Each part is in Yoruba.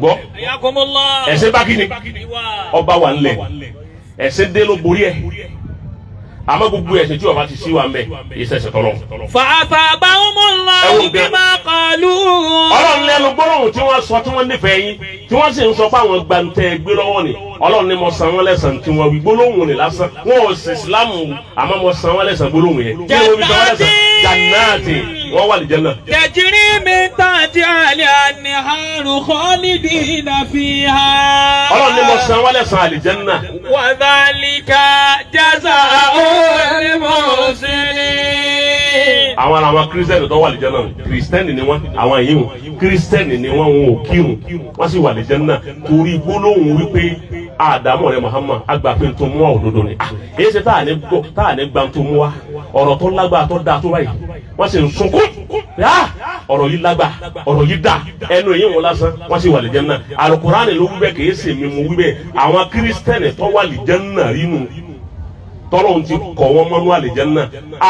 gbọ́ ẹ̀ṣẹ̀ bá kíni ọba wà ńlẹ̀ ẹ̀ṣẹ̀ dé ló borí ẹ̀ àmọ́ gbogbo ẹ̀ṣẹ̀ tí ọba ti sí wa ń bẹ ìṣẹ̀ṣẹ̀ tọ́lọ̀. fàáfà bá umullahu bima qalu. ọlọ́run lẹ́nu gbólóhùn tí wọ́n sọ tí wọ́n nífẹ̀ẹ́ yín tí wọ́n sì ń sọ pé àwọn gbàǹtẹ̀ gbé lọ́wọ́ ni ọlọ́run ni mo san wọ́n lẹ́san tí wọ́n wí gbólóhùn ni lásán wọn ò sì sílámù àmọ́ mo san wọ́n lẹ́san gbólóhùn yẹn. jannati wọ́n wà lìjẹ́ náà. tẹ̀jírí mi tàdí àlẹ́ àní àrùn kọ́lídì nàfíà. ọlọ́run ni mo san wálẹ̀ san àlìjẹ́ náà. wàdálíkà jásà òní mọ̀ọ́sílì. àwọn ará wọn kírísítẹ́nì tó wà lìjẹ́ náà kírísítẹ́nì ni wọ́n àwọn yìí wọn kírísítẹ́nì ni wọ́n wọn ò kírun wọ́n sì wà lìjẹ́ náà torí gbólóhùn wípé àdàmú rẹ Muhammad agba pé ntòmúwa òdodo ni èyí ah, ṣe tá à ní gbà ntòmúwa ọ̀rọ̀ tó lágbára tó dáa tó báyìí wọ́n sì ń sunkún yá ọ̀rọ̀ yìí lágbà ọ̀rọ̀ yìí dà ẹnu èyí wọn lásán wọ́n sì wà lè jẹ́nà alukurani ló wíbẹ̀ kì í sì mí mu wíbẹ̀ àwọn kírísítẹ́nì tó wà lè jẹ́nà rínú tọ́lọ́hún ti kọ̀ wọ́n mọ́nú àlìjẹ́nà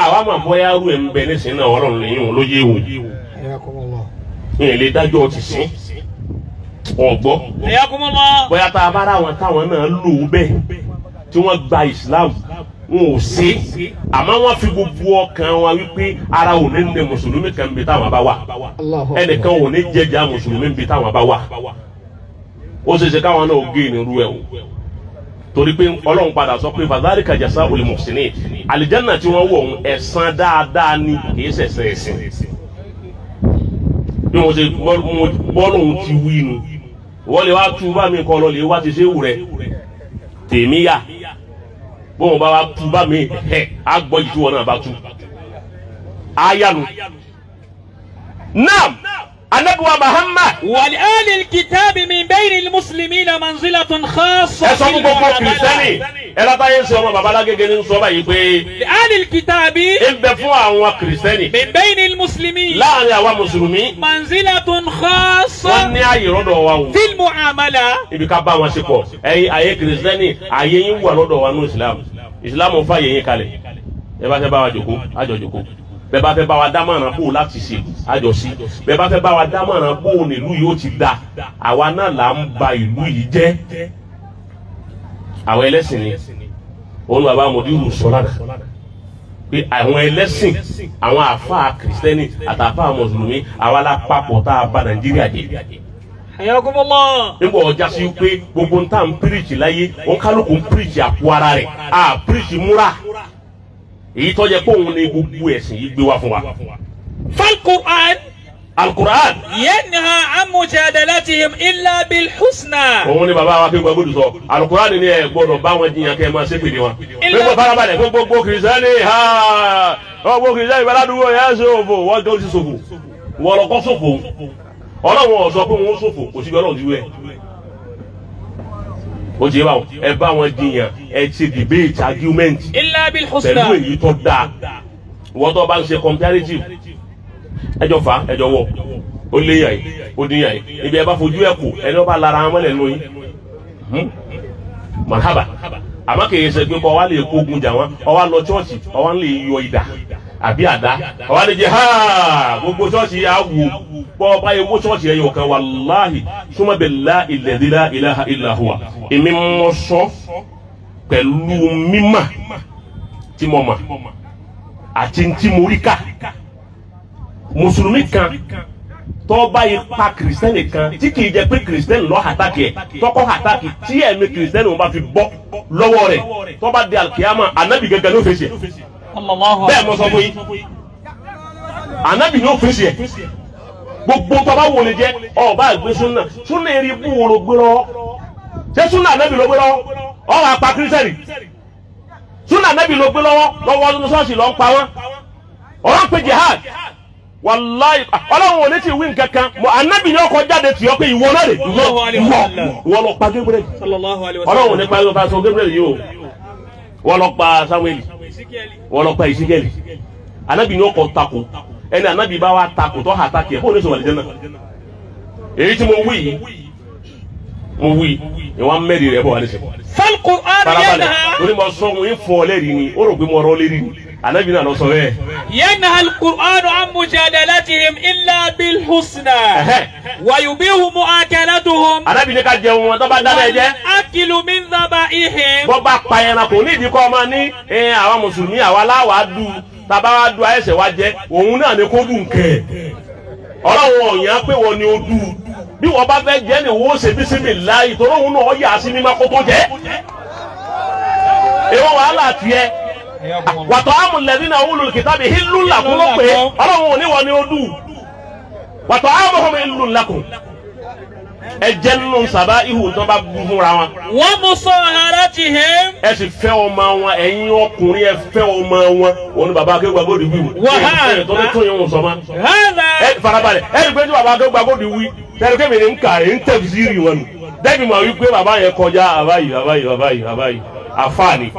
àwa máa bọ́ yá rú ẹ̀ ń bẹ ní sinna ọlọ́run lẹ́yìn wọn ló yé wò ìyẹn lè dájọ́ ti sìn ọ̀gbọ́ bóyá tá a bá ra àwọn táwọn náà lò ó bẹ́ẹ̀ tí wọ́n gba ìsìláàmù wọn ò sí àmọ́ wọ́n fi gbogbo ọkàn wọn wípé ara ò ní nẹ mùsùlùmí kan bí táwọn bá wà ẹnìkan ò ní jẹjà mùsùlùmí bí táwọn bá wà ó ṣe ṣe káwọn náà gé nírú ẹ o torí pé ọlọ́run padà sọ pé fàdárì kàjàsá olùmọ̀síní àlìjánà tí wọ́n wọ̀ ẹ̀san dáadáa ni kì ṣẹ̀ṣẹ̀ ẹ̀sìn bí wọ́n ṣe bọ́ọ̀lù ti wí nu wọ́n lè wá tú bá mi kọ́ lọ lè wá ti ṣe wù rẹ̀ tèmi bóun bá wa tu bá mi ẹ á gbọ́ ju wọn náà bá tu ayanu naam anabiwa muhammad. wàlí alil kitabi min bayni muslimina manzilatun khassa. ẹ sọ fún gbogbo kìrìsìtẹ́nì ẹ̀rọ táyé sọ ọmọ babalá gẹ́gẹ́ ní sọ báyìí pé. alil kitabi. e bẹ fún àwọn kìrìsìtẹ́nì. min baynil muslimi. láàrin àwa mùsùlùmí. manzilatun khassa. wọ́n ní ààyè lọ́dọ̀ wa o. fil muamala. ibi ká bá wọn ṣe pọ̀ ẹ̀yin àyè kìrìsìtẹ́nì àyè yín wà lọ́dọ̀ wa ní ìsìlámù ìsìlámù fà yẹ̀yìn kalẹ̀ ẹ bá bá wa jòkó àjọ jòkó bẹ́ẹ̀ bá fẹ́ bá wa dámọ̀ràn bó o láti ṣe àjọ sí bẹ́ẹ̀ bá fẹ́ bá wa dámọ̀ràn bó o nílùú yìí ó ti da àwa náà là ń ba ìlú yìí jẹ́ àwọn ẹlẹ́sìn ni òun bàbá mọ̀dúrù sọ́lára pé àwọn ẹlẹ́sìn àwọn àfáà kìrìsìtẹ́nì àtàfáà mùsùlùmí àwa la papọ̀ tá a ba nàìjíríà jẹ́ nígbà ọjà sí pé gbogbo ntá ń píríṣì láyé òun kálukú ń píríṣì àpò ara rẹ̀ à píríṣì múra èyí tọ́jà pé òun ni gbogbo ẹ̀sìn yìí gbé wá fún wa. fal Qur'an alukuraan. yanha an mujadalatihim illa bil husna. òun ni baba wa fi gbọ́ gbódù sọ alukuraan ni ẹ gbọ́dọ̀ bá wọn jiyàn kẹ́ ẹ máa ṣépè ní wọn. gbogbo farabalẹ̀ gbogbo kìrìsìtẹ́nì ha gbogbo kìrìsìtẹ́nì baládùúgbò yẹn ṣe òfò wọ́n tó ti ṣòfò wọ́n lọ́kọ́ ṣòfò ọlọ́run ọ̀sọ́ pé wọ́n ṣòfò kò síbi ọlọ́run ti wẹ̀ o ti bá wọn ẹ bá wọn jiyàn ẹ ti debate argument pẹ̀lú èyí tó dáa wọ́n tó bá ń ṣe comparative ẹjọ fa ẹjọ wọ ó lé yàn yìí ibi ẹ bá fojú ẹ kù bá lara wọn mọ́lẹ̀ lóyún hmm? mahaba àmọ́ kì í ṣe pé kọ́ wa lè kógun jà wọn ọwọ́ lọ yọ ìdá àbí àdá jẹ ha gbogbo chọ́ọ̀chì yà wù bọ́ ọba ewu yẹ wàláhì la èmi sọ mímà tí mo mà àti mùsùlùmí kan tọ́ba yìí pa kìrìsìtẹ́nì kan tí kìí jẹ́ pé kìrìsìtẹ́nì lọ́ àtàkì ẹ̀ tọ́kọ́ àtàkì tí ẹ̀mí kìrìsìtẹ́nì wọn bá fi bọ́ lọ́wọ́ rẹ̀ tọ́ba di alikiyama anabi gẹ́gẹ́ ló fèsì ẹ̀ bẹ́ẹ̀ mọ sọ fún yín anabi ló fèsì ẹ̀ gbogbo tọ́ba wò lè jẹ́ ọba àgbẹ̀ súnà súnà eré bú wo ló gbé lọ ṣé súnà anabi ló gbé lọ ọba pa kìrìsìtẹ́nì súnà anabi ló gbé lọ́wọ́ lọ́wọ́ wàláyé ah, ọlọ́run ò ní ti wí nǹkan kan mọ anábì yóò kọ jáde tìyọ́ pé ìwọ náà lè wọ wọ lọ pa Gabriel ọlọ́run ò ní pa lọ́pàá sọ Gabriel yìí o wọ́n lọ pa Samuel wọ́n lọ pa Ezekiel anábì yóò kọ takò ẹni anábì bá wa takò tó hà takì ẹ̀ kó o ní sọ wàlẹ̀ jẹ́nà èyí tí mo wí yìí mo wí ìwà mẹ́rin rẹ̀ bọ̀ wà ní sẹ́kọ̀. fọ́nkù ọ̀rẹ́ yẹn náà. farabalẹ̀ onímọ̀ sọ́gun ìfọ̀ọ́lẹ́rì ni ó rò pé mo rọ́ lérí ni anabi náà lọ sọ bẹ́ẹ̀. yẹ́nà alukur'an amujadalatihim illa bil husna. wayubihu mu akalatuhum. anabi ní ká jẹun wọn tó bá dáná ẹ jẹ. akilu min dhabaihim. bọ́ bá pa ẹran kò ní ìdíkọ́ ọmọ ní àwọn mùsùlùmí àwa láwàá du tàbá wa du ayẹsẹ̀ wa jẹ òun náà ni kó dùn kẹ́ ọlọ́run ọ̀yàn pé wọ́n ni ó dù bí wọ́n bá fẹ́ jẹ́ ni wọ́n ṣe bismillah ìtòlóhùn náà yà sí mímọ́ kó tó jẹ́ wàhálà tiẹ̀ wàtò amúlẹ̀dínà wúlò kìtàbí hílù làkún ló pé ọlọ́run òní wọ ni ó dùn wàtò amúhùn hílù làkún ẹ jẹ́ nínú sábà ihu tó bá bú fúnra wọn. wọ́n mú sọ ara ti hẹ́. ẹ sì fẹ́ ọmọ wọn ẹ̀yin ọkùnrin ẹ fẹ́ ọmọ wọn òun bàbá akéwà gbòdì wí wò. wàhálà tó ní tún yẹn wọn sọ ma. ẹ farabalẹ̀ ẹ rí i pé tí bàbá akéwà gbòdì wí tẹ̀lé kébìnrin ń kàrí ń tẹ̀síìrì wọn dẹ́bi mọ̀ wípé bàbá yẹn kọjá àbáyé àbáyé àbáyé àbáyé. afani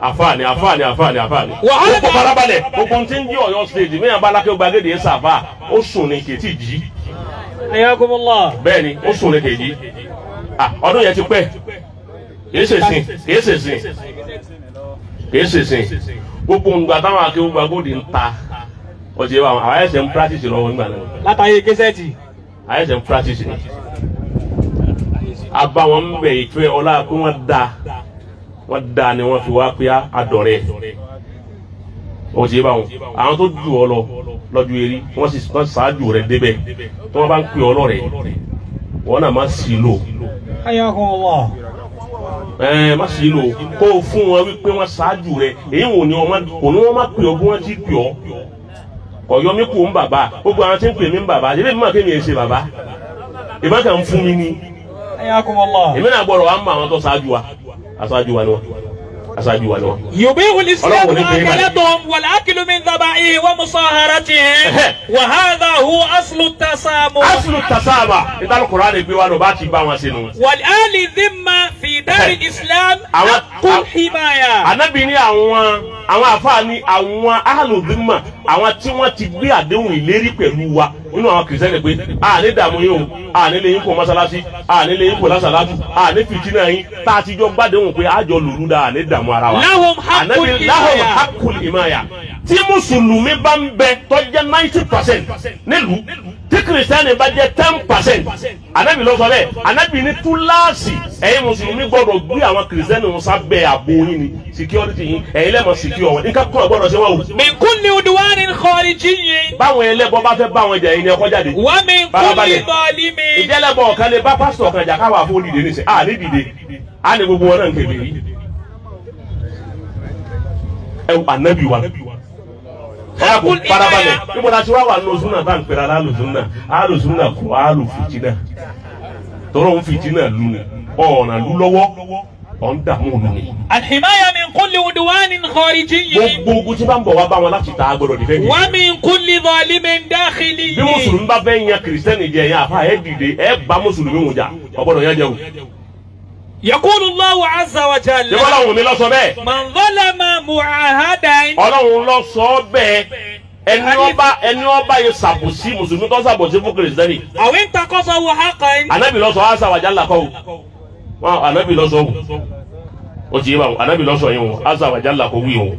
afani afani afani àfààní. wàhálà kò farabalẹ̀ tí ń jí stage mẹ́yàn bá lákẹ́ gbàgede ẹ̀ sàfà ó sùn ní kètì jí. bẹ́ẹ̀ ni ó sùn ní ji ah, ọdún yẹn ti pẹ́ kìí ṣèṣin kìí gbogbo ngbà táwọn akẹ́wọ́ gbàgede ń ta ọ̀sẹ̀ wa àwọn ẹ̀sẹ̀ ń practice lọ́wọ́ nígbà náà. látàyè kẹsẹ̀tì. àwọn ń practice ni. ọlá kó wọ́n dá ni wọ́n fi wá pé àdọ̀rẹ́ òun ti yé báwọn àwọn tó jù ọ lọ lọ́jọ́ eré wọ́n sì tán ṣáájú rẹ̀ débẹ̀ tí wọ́n bá ń pè ọ lọ́rẹ̀ wọ́n náà má sì lò. ẹ má sì lò kó o fún wọn wípé wọ́n ṣáájú rẹ̀ èyí wò ni wọ́n má pè ọ bí wọ́n ti pè ọ kọ̀yọ́ mi kù ń bàbá gbogbo àwọn tí ń pè mí ń bàbá ṣébí mi máa kémi ẹ̀ ṣe bàbá ìbátan fún mi ni èmi náà gbọ́dọ̀ wà ń mọ àwọn tó ṣáájú wa aṣáájú wa ni wọn aṣáájú wa ni wọn. yorùbá ìwúlí islam akẹlẹ tó wàlá akílù mi dábàá iye wọn musa hara tiẹ wàhálà hu aslu tasaama. aslu tasaama ìtàlù kura de gbé wa lọ bá ti bá wọn sínú. wàlí ali zimma fi dari islam kún himaya. anabi ni àwọn àwọn afa ni àwọn ahalu zimma àwọn tí wọ́n ti gbé àdéhùn ìlérí pẹ̀lú wa nínú àwọn kìrìsìtẹ́nì pé àní dààmú yín o àní lè yín kó mọ́sálásí àní lè yín kó lásàlátù àní fìtínà yín tá a ti jọ gbàdéhùn pé àjọ lòlú dáa àní dààmú ara wa. láhùn hakùn ìmáyà tí mùsùlùmí bá ń bẹ tó jẹ́ ninety percent nílùú tí kìrìsìtánì bá jẹ́ ten percent anábì ló sọ bẹ́ẹ̀ anábì ní túláàsì ẹ̀yin mùsùlùmí gbọ́dọ̀ gbé àwọn kìrìsìtánì wọn sábẹ́ ààbò yín ni security yín ẹ̀yin lẹ́mọ̀ secure wọn nǹkan kan gbọ́dọ̀ ṣe wọ́n wò. mi kún ni udwan khariji yín. báwọn ẹlẹ́bọ bá fẹ́ báwọn ẹja ẹni ẹkọ jáde. wà mí kún ni bọ́ọ̀lì mi. ìjẹ́lẹ̀bọ̀ kan lè bá pásítọ̀ kan jà káwá fún olùdíje níṣẹ́ à ní dìde à ní gbogbo wọn náà ń kébé. ẹ wọ anábì wa ẹkùn farabalẹ̀ níbo la ti wá wà lóṣùnà tá à ń pèrè alálùsùnà alùsùnà kọ alùfìtínà tọrọ ń fìtínà lu ni ọ̀nà lu lọ́wọ́ ọ̀ ń dààmú lu ni. alhimaya min kulli udwanin kharijiyyin. gbogbo ogun tí bá ń bọ̀ wá bá wọn láti ta agbọ̀dọ̀ nífẹ̀ yìí. wa min kulli zalimin dakhiliyyin. bí mùsùlùmí bá fẹ́ yan kìrìsìtẹ́nì jẹ yẹn àfa ẹ̀ dìde ẹ̀ bá mùsùlùmí wọn jà ọ̀gbọ́dọ̀ yẹn jẹun. يقول الله عز وجل jalla. yọkọ Ọlọ́run mi ló sọ bẹ́ẹ̀. man zalama mu'ahadan. Ọlọ́run ló sọ bẹ́ẹ̀ ẹni ọba ẹni ọba fún kìrìsìtẹ́nì. àwọn ń takọ́sọ wọ ha kàn anabi ló sọ azza o anabi ló o o ti yé báwo anabi ló sọ o azza wa jalla kọ́ wí o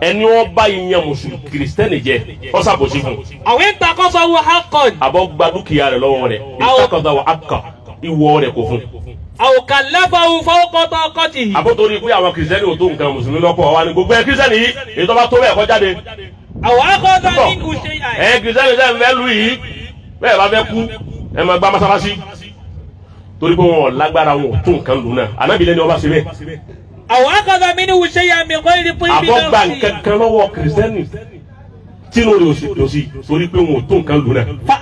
ẹni ọba ìyẹn mùsùlùmí jẹ ó sàbòsí fún. àwọn ń takọ́sọ wọ ha kàn. àbọ̀ gba dúkìá rẹ̀ lọ́wọ́ rẹ̀ ìtakọ̀sọ wọ akọ̀ ìwọ rẹ̀ kò fún àwòkàlẹ́fọ̀hún fọwọ́kọ́tọ̀ ọkọ̀tì yìí. àbótorí pé àwọn kìrìsìtẹ́nì ò tó nǹkan mùsùlùmí lọ́pọ̀ wa ni gbogbo ẹ kìrìsìtẹ́nì yìí èyí tó bá tó bẹ́ẹ̀ kọ́ jáde. àwọn akọ́ta ní kù ṣe àyè. ẹ kìrìsìtẹ́nì sẹ́yìn fẹ́ lu yìí bẹ́ẹ̀ bá fẹ́ kú ẹ máa gbá mọ́sálásí torí pé wọn ò lágbára wọn ò tó nǹkan lù náà anábìlẹ́ni ọba ṣe bẹ́ẹ̀ àwọn akọ̀dọ̀ mi ni wùsẹ̀ yà mí kọ́ ìdí pé ibi náà kan lọ́wọ́ fa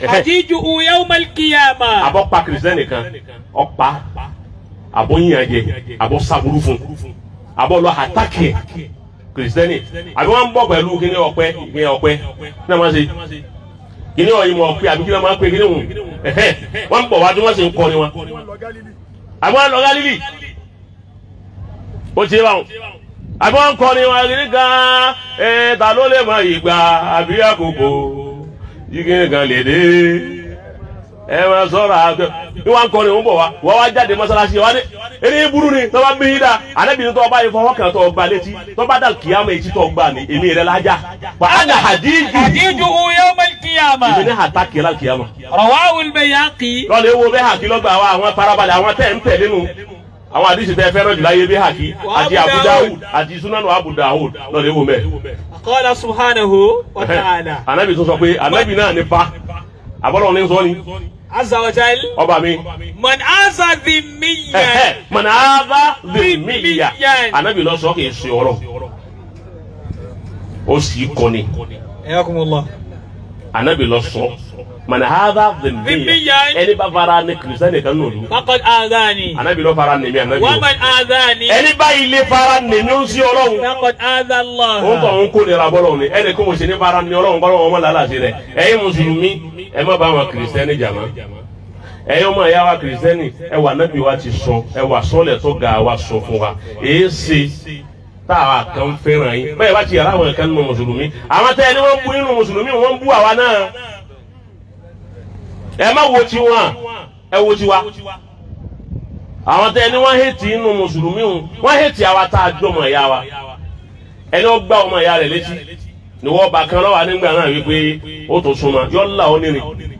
Eh, eh. àjíjù yawmal qiyamah. àbọ̀ pa kìrìsìtẹ́nì kan ọ̀pá àbọ̀ yìnyànjẹ àbọ̀ sàbúrú fún àbọ̀ lọ àtàkì kìrìsìtẹ́nì àbí wọ́n ń bọ̀ pẹ̀lú kíní ọ̀pẹ kíní ọ̀pẹ kíní àwọn ṣe kíní ọ̀yìnbọ̀ ọ̀pẹ àbí kíní àwọn pé kíní wù wọ́n ń bọ̀ wá tí wọ́n sì ń kọrin wọn. àbí wọ́n lọ Gálílì ó ti báwọn àbí wọ́n ń kọrin wọn kíní gan-an ta yíké kan lè dé ẹ máa sọ̀rọ̀ àgbẹ̀ ìwà ń kọrin ń bọ̀ wá wọ́n wá jáde mọ́sálásí wá dé eré burú ni tọ́ba bí yín dá anábìrin tó bá yẹ fọwọ́ kan tó gba létí tọ́ba dà kíyàmù èyí tó gba ni èmi rẹ lájà wà á nà hadiju. hadiju o yóò mọ kíyàmà. ìbí ní hàtà kíyàmà kíyàmà. rọwà wuli bẹ yà kí. lọ́lẹ̀ wo bẹ́ẹ̀ hàkí lọ́gbà wa àwọn farabalẹ̀ àwọn tẹ̀ ń tẹ̀lé nu àwọn àdìsí tẹ fẹ́ràn jùlọ ayé bẹ́ẹ̀ hàkí àti Abu Dawud àti sunanu Abu Dawud lọ́lẹ̀ wo bẹ́ẹ̀ kọ́lá subhanahu wa ta'ala. anabi tún sọ pé anabi náà ní fa àbọ̀lọ̀ ní sọ ni. azza wa jal. ọba mi. man aza di miyan. man aza di miyan. anabi lọ sọ kìí sọ ọ̀rọ̀ ó sì kọ́ni. ẹ yà kúmọ̀ lọ. anabi lọ sọ mana hadha dhimmiyan ẹni bá fara ni kristiani kan n'olu. fakọd azani. anabi ló fara nèmi anabi. waman azani. ẹni bá ilé fara nèmi ó sí ọlọ́run. fakọd azalọ. o kò ń kó nira bọ́lọ̀ ni ẹni kò sí ní fara ni ọlọ́run bọ́lọ̀ wọn lálẹ́ àti rẹ̀ ẹ̀yin mùsùlùmí ẹ má bá wọn kristiani jàmá. ẹ̀yin ọmọ ìyá wa kristiani ẹ wà anabi wa ti sọ ẹ wà sọlẹ̀ tó ga wa sọ fún wa èé ṣe táwa kan fẹ́ràn yín bẹ́ẹ̀ bá ti yàrá àwọn kan nínú mùsùlùmí àwọn tẹ́ ẹni wọ́n bú nínú mùsùlùmí wọ́n bú àwa náà. ẹ má wo tí wọn ẹ wo tí wa àwọn tẹ ẹni wọn hẹtì inú mùsùlùmí o wọn hẹtì àwa tá a ọmọ wa ẹni ó gbá ọmọ ya rẹ létí ni wọn bá kan lọ́wọ́ nígbà náà wípé ó tó yọ ọ